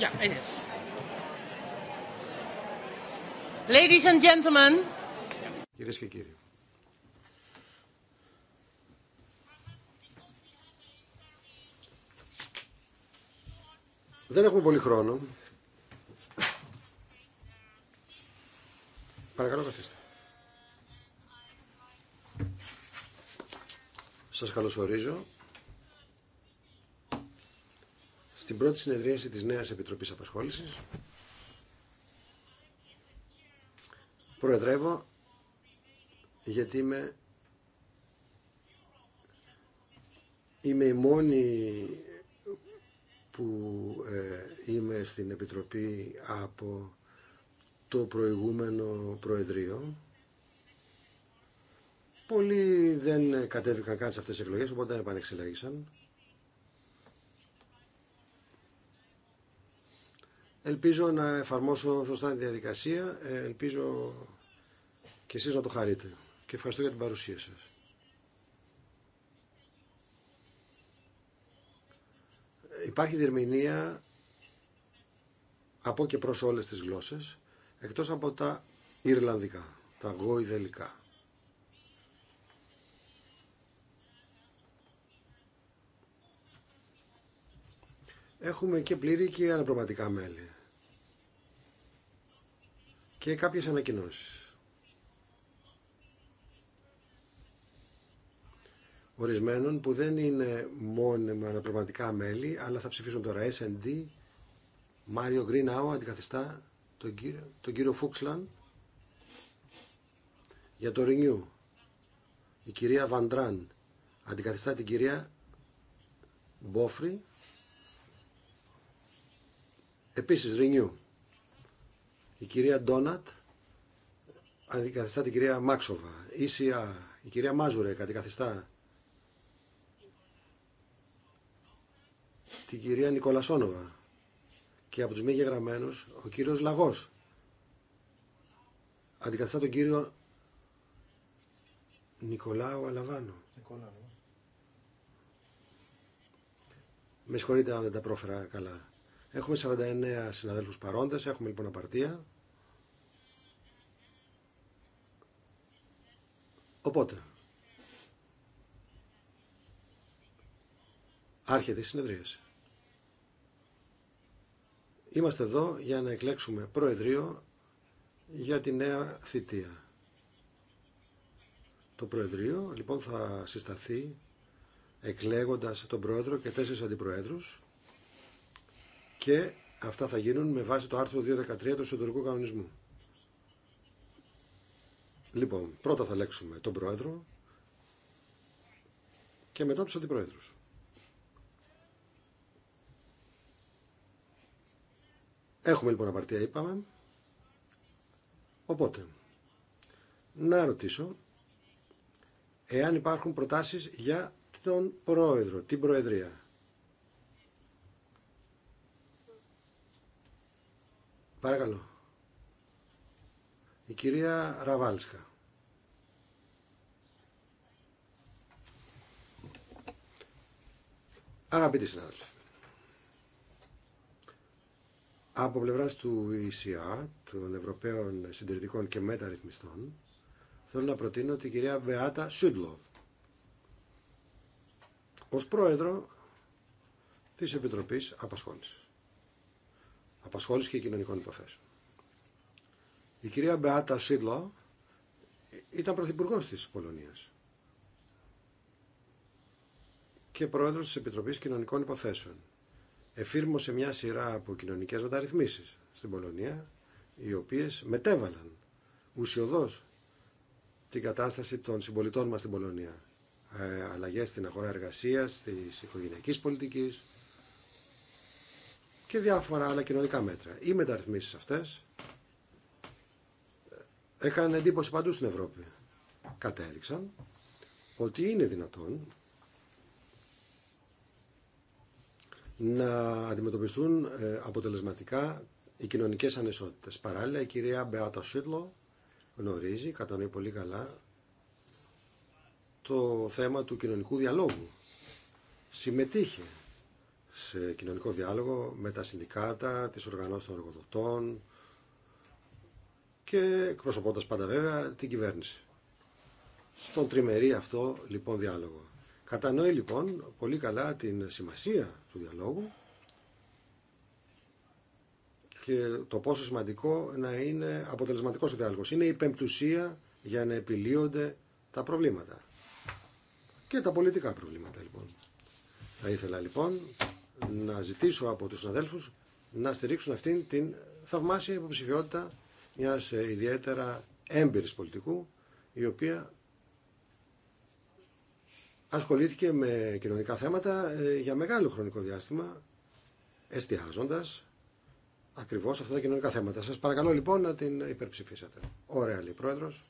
Yeah, it is. Ladies and gentlemen. Κυρίες και κύριοι. Δεν έχουμε πολύ χρόνο. Παρακαλώ καθίστε. Σας καλωσορίζω στην πρώτη συνεδρίαση της νέας Επιτροπής Απασχόλησης. Προεδρεύω γιατί είμαι, είμαι η μόνη που ε, είμαι στην Επιτροπή από το προηγούμενο Προεδρείο. Πολλοί δεν κατέβηκαν καν σε αυτές τις εκλογές, οπότε δεν επανεξελέγησαν. Ελπίζω να εφαρμόσω σωστά τη διαδικασία. Ε, ελπίζω και εσείς να το χαρείτε. Και ευχαριστώ για την παρουσία σας. Υπάρχει διερμηνία από και προς όλες τις γλώσσες, εκτός από τα Ιρλανδικά, τα γοϊδελικά. Έχουμε και πλήρη και αναπροματικά μέλη. Και κάποιες ανακοινώσεις. Ορισμένων που δεν είναι με αναπροματικά μέλη, αλλά θα ψηφίσουν τώρα S&D, Μάριο Γκρίναου αντικαθιστά τον κύριο, τον κύριο Φούξλαν για το Renew. Η κυρία Βαντράν αντικαθιστά την κυρία Μπόφρη Επίσης, Renew. Η κυρία Ντόνατ αντικαθιστά την κυρία Μάξοβα. Ίσια, Η κυρία Μάζουρε αντικαθιστά την κυρία Νικολασόνοβα. Και από τους μη γεγραμμένους, ο κύριος Λαγός. Αντικαθιστά τον κύριο Νικολάου Αλαβάνο. Νικολάου. Με συγχωρείτε αν δεν τα πρόφερα καλά. Έχουμε 49 συναδέλφους παρόντες, έχουμε λοιπόν απαρτία. Οπότε, άρχεται η συνεδρίαση. Είμαστε εδώ για να εκλέξουμε Προεδρείο για τη νέα θητεία. Το Προεδρείο λοιπόν θα συσταθεί εκλέγοντας τον Πρόεδρο και τέσσερις αντιπροέδρους και αυτά θα γίνουν με βάση το άρθρο 213 του Συντορικού κανονισμού. Λοιπόν, πρώτα θα λέξουμε τον Πρόεδρο και μετά τους Αντιπρόεδρους. Έχουμε λοιπόν απαρτία, είπαμε. Οπότε, να ρωτήσω εάν υπάρχουν προτάσεις για τον Πρόεδρο, την Προεδρία. Παρακαλώ. Η κυρία Ραβάλσκα. Αγαπητοί συνάδελφοι, από πλευρά του ECA, των Ευρωπαίων Συντηρητικών και Μεταρρυθμιστών, θέλω να προτείνω την κυρία Βεάτα Σούντλοβ ως πρόεδρο της Επιτροπής Απασχόλησης απασχόληση και κοινωνικών υποθέσεων. Η κυρία Μπεάτα Σίδλο ήταν πρωθυπουργό της Πολωνίας και πρόεδρο τη Επιτροπή Κοινωνικών Υποθέσεων. Εφήρμοσε μια σειρά από κοινωνικές μεταρρυθμίσει στην Πολωνία, οι οποίες μετέβαλαν ουσιοδό την κατάσταση των συμπολιτών μας στην Πολωνία. Ε, αλλαγές στην αγορά εργασίας, της οικογενειακής πολιτικής, και διάφορα άλλα κοινωνικά μέτρα. Οι μεταρρυθμίσει αυτε έκαναν εντύπωση παντού στην Ευρώπη. Κατέδειξαν ότι είναι δυνατόν να αντιμετωπιστούν ε, αποτελεσματικά οι κοινωνικές ανισότητες. Παράλληλα, η κυρία Μπεάτα Σίτλο γνωρίζει, κατανοεί πολύ καλά, το θέμα του κοινωνικού διαλόγου. Συμμετείχε σε κοινωνικό διάλογο με τα συνδικάτα, τις οργανώσεις των εργοδοτών και εκπροσωπώντας πάντα βέβαια την κυβέρνηση. Στον τριμερή αυτό λοιπόν διάλογο. Κατανοεί λοιπόν πολύ καλά την σημασία του διαλόγου και το πόσο σημαντικό να είναι αποτελεσματικός ο διάλογος. Είναι η πεμπτουσία για να επιλύονται τα προβλήματα. Και τα πολιτικά προβλήματα λοιπόν. Θα ήθελα λοιπόν να ζητήσω από τους αδέλφους να στηρίξουν αυτήν την θαυμάσια υποψηφιότητα μιας ε, ιδιαίτερα έμπειρης πολιτικού η οποία ασχολήθηκε με κοινωνικά θέματα ε, για μεγάλο χρονικό διάστημα εστιάζοντας ακριβώς αυτά τα κοινωνικά θέματα. Σας παρακαλώ λοιπόν να την υπερψηφίσετε. Ωραία λέει Πρόεδρος.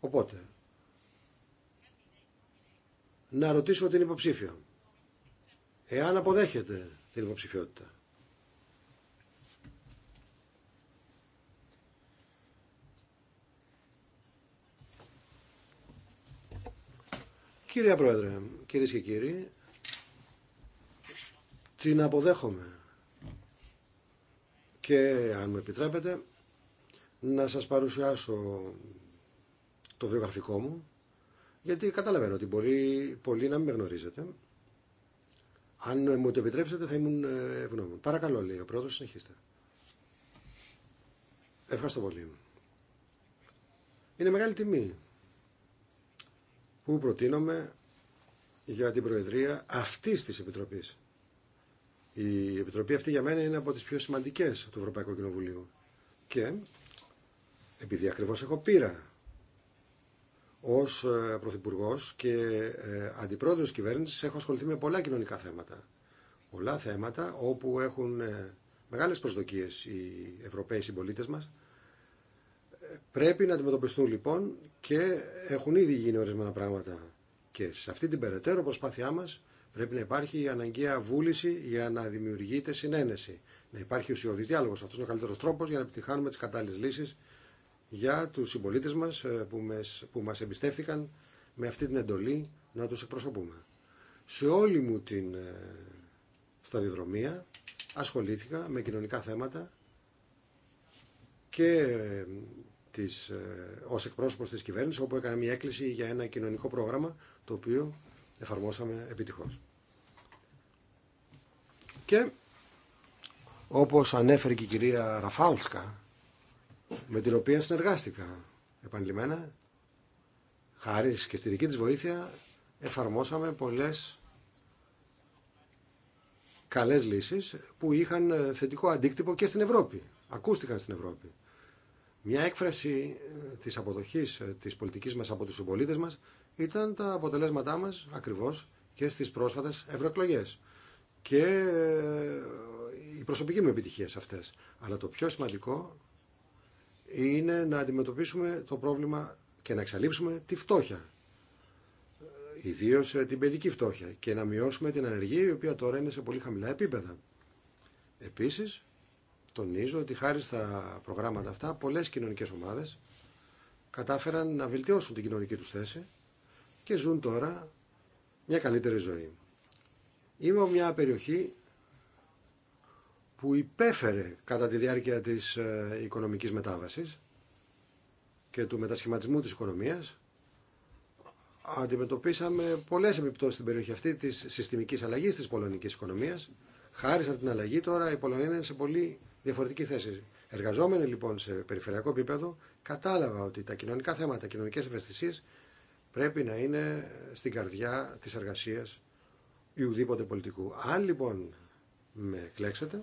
Οπότε, να ρωτήσω την υποψήφια εάν αποδέχεται την υποψηφιότητα. Κύριε Πρόεδρε, κυρίε και κύριοι, την αποδέχομαι και αν μου επιτρέπετε να σας παρουσιάσω το βιογραφικό μου γιατί καταλαβαίνω ότι μπορεί, πολύ να μην με γνωρίζετε αν ε, μου το επιτρέψετε θα ήμουν ε, ευγνώμων. Παρακαλώ λέει ο πρόεδρο, συνεχίστε. Ευχαριστώ πολύ. Είναι μεγάλη τιμή που προτείνομαι για την Προεδρία αυτή τη επιτροπή. Η Επιτροπή αυτή για μένα είναι από τι πιο σημαντικέ του Ευρωπαϊκού Κοινοβουλίου. Και επειδή ακριβώ έχω πείρα ως ε, Πρωθυπουργό και ε, Αντιπρόεδρος κυβέρνηση έχω ασχοληθεί με πολλά κοινωνικά θέματα. Πολλά θέματα όπου έχουν ε, μεγάλε προσδοκίε οι Ευρωπαίοι συμπολίτε μα Πρέπει να αντιμετωπιστούν λοιπόν και έχουν ήδη γίνει ορισμένα πράγματα. Και σε αυτή την περαιτέρω προσπάθειά μα πρέπει να υπάρχει η αναγκαία βούληση για να δημιουργείται συνένεση. Να υπάρχει ουσιώδης διάλογος. Αυτός είναι ο καλύτερο τρόπο, για να επιτυχάνουμε τι κατάλληλε λύσει για τους συμπολίτε μας ε, που, μες, που μας εμπιστεύτηκαν με αυτή την εντολή να τους εκπροσωπούμε. Σε όλη μου την ε, σταδιοδρομία ασχολήθηκα με κοινωνικά θέματα και ε, της, ως εκπρόσωπος της κυβέρνησης όπου έκανα μια έκκληση για ένα κοινωνικό πρόγραμμα το οποίο εφαρμόσαμε επιτυχώς. Και όπως ανέφερε και η κυρία Ραφάλσκα με την οποία συνεργάστηκα επανειλημμένα. Χάρη και στη δική της βοήθεια εφαρμόσαμε πολλές καλές λύσεις που είχαν ε, θετικό αντίκτυπο και στην Ευρώπη. Ακούστηκαν στην Ευρώπη. Μια έκφραση ε, της αποδοχής ε, της πολιτικής μας από τους συμπολίτε μας ήταν τα αποτελέσματά μας ακριβώς και στις πρόσφατες ευρωεκλογέ. Και η προσωπική μου επιτυχία σε αυτές. Αλλά το πιο σημαντικό είναι να αντιμετωπίσουμε το πρόβλημα και να εξαλείψουμε τη φτώχεια. Ε, Ιδίω ε, την παιδική φτώχεια και να μειώσουμε την ανεργία η οποία τώρα είναι σε πολύ χαμηλά επίπεδα. Επίση, τονίζω ότι χάρη στα προγράμματα αυτά πολλέ κοινωνικέ ομάδε κατάφεραν να βελτιώσουν την κοινωνική του θέση και ζουν τώρα μια καλύτερη ζωή. Είμαι μια περιοχή που υπέφερε κατά τη διάρκεια της ε, οικονομικής μετάβασης και του μετασχηματισμού της οικονομίας αντιμετωπίσαμε πολλές επιπτώσεις στην περιοχή αυτή της συστημικής αλλαγής της πολωνικής οικονομίας. Χάρη σε αυτήν την αλλαγή τώρα η Πολωνία είναι σε πολύ διαφορετική θέση. Εργαζόμενοι λοιπόν σε περιφερειακό επίπεδο κατάλαβα ότι τα κοινωνικά θέματα, τα κοινωνικές ευαισθησίες πρέπει να είναι στην καρδιά της εργασίας ή ουδήποτε πολιτικού. Αν λοιπόν με κλέξετε,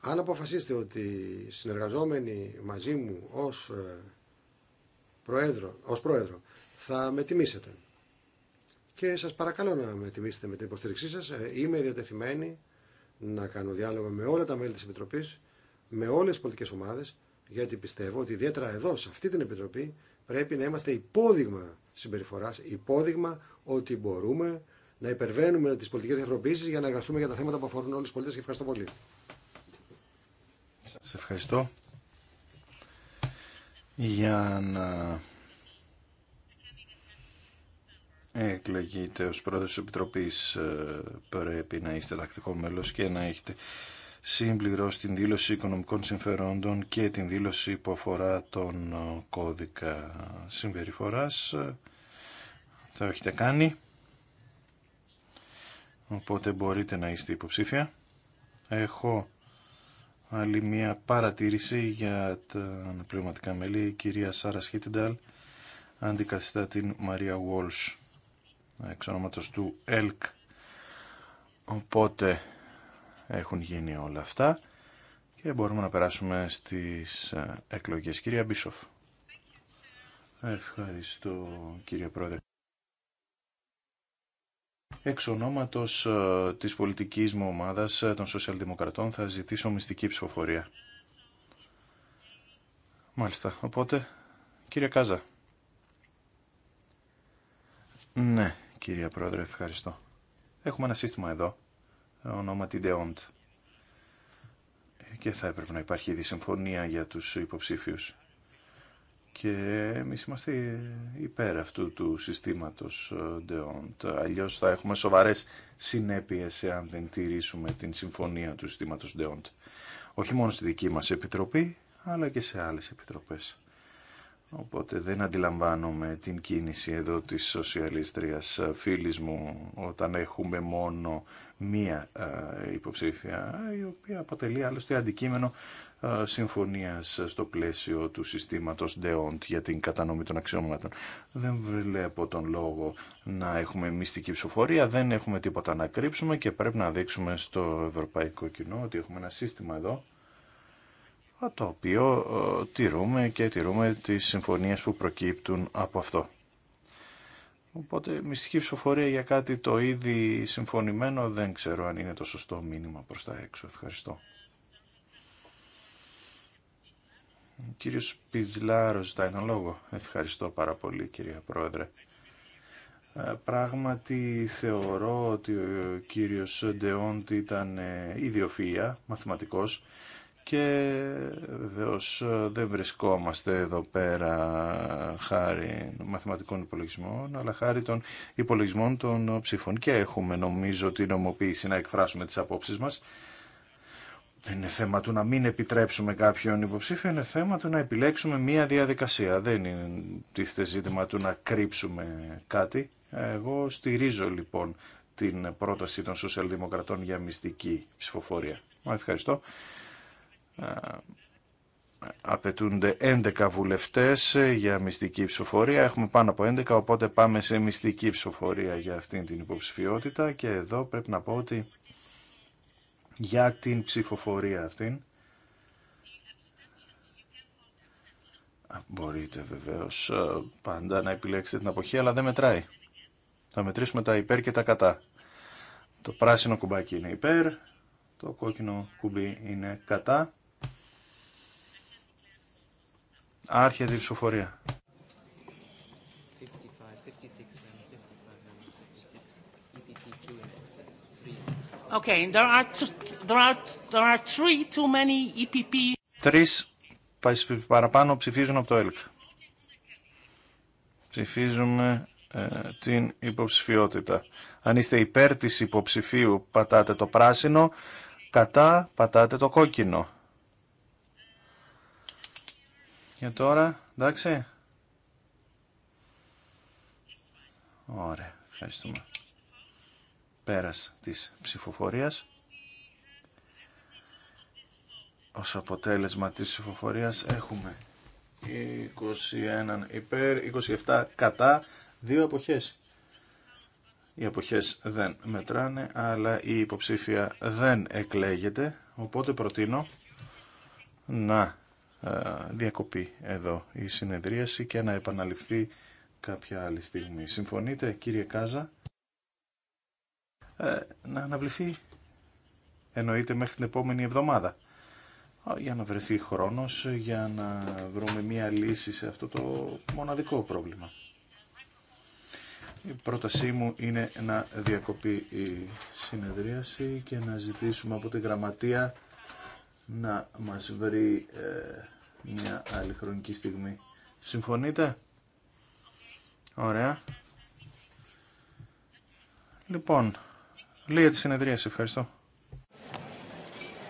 αν αποφασίσετε ότι συνεργαζόμενοι μαζί μου ως ε, πρόεδρο, ως πρόεδρο θα με τιμήσετε και σας παρακαλώ να με τιμήσετε με την υποστήριξή σας. Ε, είμαι διατεθειμένη να κάνω διάλογο με όλα τα μέλη της Επιτροπής, με όλες τις πολιτικές ομάδες, γιατί πιστεύω ότι ιδιαίτερα εδώ, σε αυτή την Επιτροπή, πρέπει να είμαστε υπόδειγμα συμπεριφοράς, υπόδειγμα ότι μπορούμε να υπερβαίνουμε τις πολιτικές διαφοροποιήσεις για να εργαστούμε για τα θέματα που αφορούν όλους τους πολίτες και ευχαριστώ πολύ. Σε ευχαριστώ για να εκλεγείτε ως πρόεδρος της Επιτροπής ε, πρέπει να είστε τακτικό μέλος και να έχετε συμπληρώσει την δήλωση οικονομικών συμφερόντων και την δήλωση που αφορά τον ε, κώδικα συμπεριφοράς. Το έχετε κάνει. Οπότε μπορείτε να είστε υποψήφια. Έχω άλλη μία παρατήρηση για τα αναπληρωματικά μέλη. Η κυρία Σάρα Σχίτινταλ αντικαθιστά την Μαρία Βόλς εξ του ΕΛΚ. Οπότε έχουν γίνει όλα αυτά και μπορούμε να περάσουμε στις ε, εκλογές. Κυρία Μπίσοφ. Ευχαριστώ κύριε Πρόεδρε. Εξ ονόματος ε, της πολιτικής μου ομάδας ε, των Σοσιαλδημοκρατών θα ζητήσω μυστική ψηφοφορία. Μάλιστα. Οπότε, κύριε Κάζα. Ναι, κύριε Πρόεδρε, ευχαριστώ. Έχουμε ένα σύστημα εδώ, ονόματι DEONT. Και θα έπρεπε να υπάρχει ήδη συμφωνία για τους υποψήφιους και εμείς είμαστε υπέρ αυτού του συστήματος ΔΕΟΝΤ. Αλλιώς θα έχουμε σοβαρές συνέπειες εάν δεν τηρήσουμε την συμφωνία του συστήματος ΔΕΟΝΤ. Όχι μόνο στη δική μας επιτροπή, αλλά και σε άλλες επιτροπές. Οπότε δεν αντιλαμβάνομαι την κίνηση εδώ της σοσιαλίστριας φίλισμου μου όταν έχουμε μόνο μία ε, υποψήφια η οποία αποτελεί άλλωστε αντικείμενο ε, συμφωνίας στο πλαίσιο του συστήματος DEONT για την κατανομή των αξιώματων. Δεν βλέπω τον λόγο να έχουμε μυστική ψηφοφορία, δεν έχουμε τίποτα να κρύψουμε και πρέπει να δείξουμε στο ευρωπαϊκό κοινό ότι έχουμε ένα σύστημα εδώ το οποίο ε, τηρούμε και τηρούμε τις συμφωνίες που προκύπτουν από αυτό. Οπότε μυστική ψηφοφορία για κάτι το ήδη συμφωνημένο δεν ξέρω αν είναι το σωστό μήνυμα προς τα έξω. Ευχαριστώ. Ο κύριος Πιτζλάρο ζητάει λόγο. Ευχαριστώ πάρα πολύ κυρία Πρόεδρε. Ε, πράγματι θεωρώ ότι ο κύριος Ντεόντι ήταν ε, ιδιοφυΐα, μαθηματικός και βεβαίω ε, δεν βρισκόμαστε εδώ πέρα χάρη μαθηματικών υπολογισμών, αλλά χάρη των υπολογισμών των ψήφων. Και έχουμε νομίζω την νομοποίηση να εκφράσουμε τις απόψεις μας. Δεν είναι θέμα του να μην επιτρέψουμε κάποιον υποψήφιο, είναι θέμα του να επιλέξουμε μία διαδικασία. Δεν είναι ζήτημα του να κρύψουμε κάτι. Εγώ στηρίζω λοιπόν την πρόταση των σοσιαλδημοκρατών για μυστική ψηφοφορία. ευχαριστώ. Ε, απαιτούνται 11 βουλευτές για μυστική ψηφοφορία. Έχουμε πάνω από 11, οπότε πάμε σε μυστική ψηφοφορία για αυτήν την υποψηφιότητα και εδώ πρέπει να πω ότι για την ψηφοφορία αυτήν μπορείτε βεβαίως ε, πάντα να επιλέξετε την αποχή, αλλά δεν μετράει. Θα μετρήσουμε τα υπέρ και τα κατά. Το πράσινο κουμπάκι είναι υπέρ, το κόκκινο κουμπί είναι κατά άρχια η okay, there are, there are, there are three too many EPP. Τρεις παραπάνω ψηφίζουν από το ΕΛΚ. Ψηφίζουμε ε, την υποψηφιότητα. Αν είστε υπέρ της υποψηφίου πατάτε το πράσινο, κατά πατάτε το κόκκινο. Και τώρα, εντάξει. Ωραία, ευχαριστούμε. Πέρας της ψηφοφορίας. Ως αποτέλεσμα της ψηφοφορίας έχουμε 21 υπέρ, 27 κατά, δύο αποχές. Οι αποχές δεν μετράνε, αλλά η υποψήφια δεν εκλέγεται, οπότε προτείνω να ε, Διακοπή εδώ η συνεδρίαση και να επαναληφθεί κάποια άλλη στιγμή. Συμφωνείτε κύριε Κάζα ε, να αναβληθεί εννοείται μέχρι την επόμενη εβδομάδα για να βρεθεί χρόνος για να βρούμε μία λύση σε αυτό το μοναδικό πρόβλημα. Η πρότασή μου είναι να διακοπεί η συνεδρίαση και να ζητήσουμε από τη γραμματεία να μας βρει ε, μια άλλη χρονική στιγμή. Συμφωνείτε? Ωραία. Λοιπόν, λίγα τη συνεδρία. Ευχαριστώ.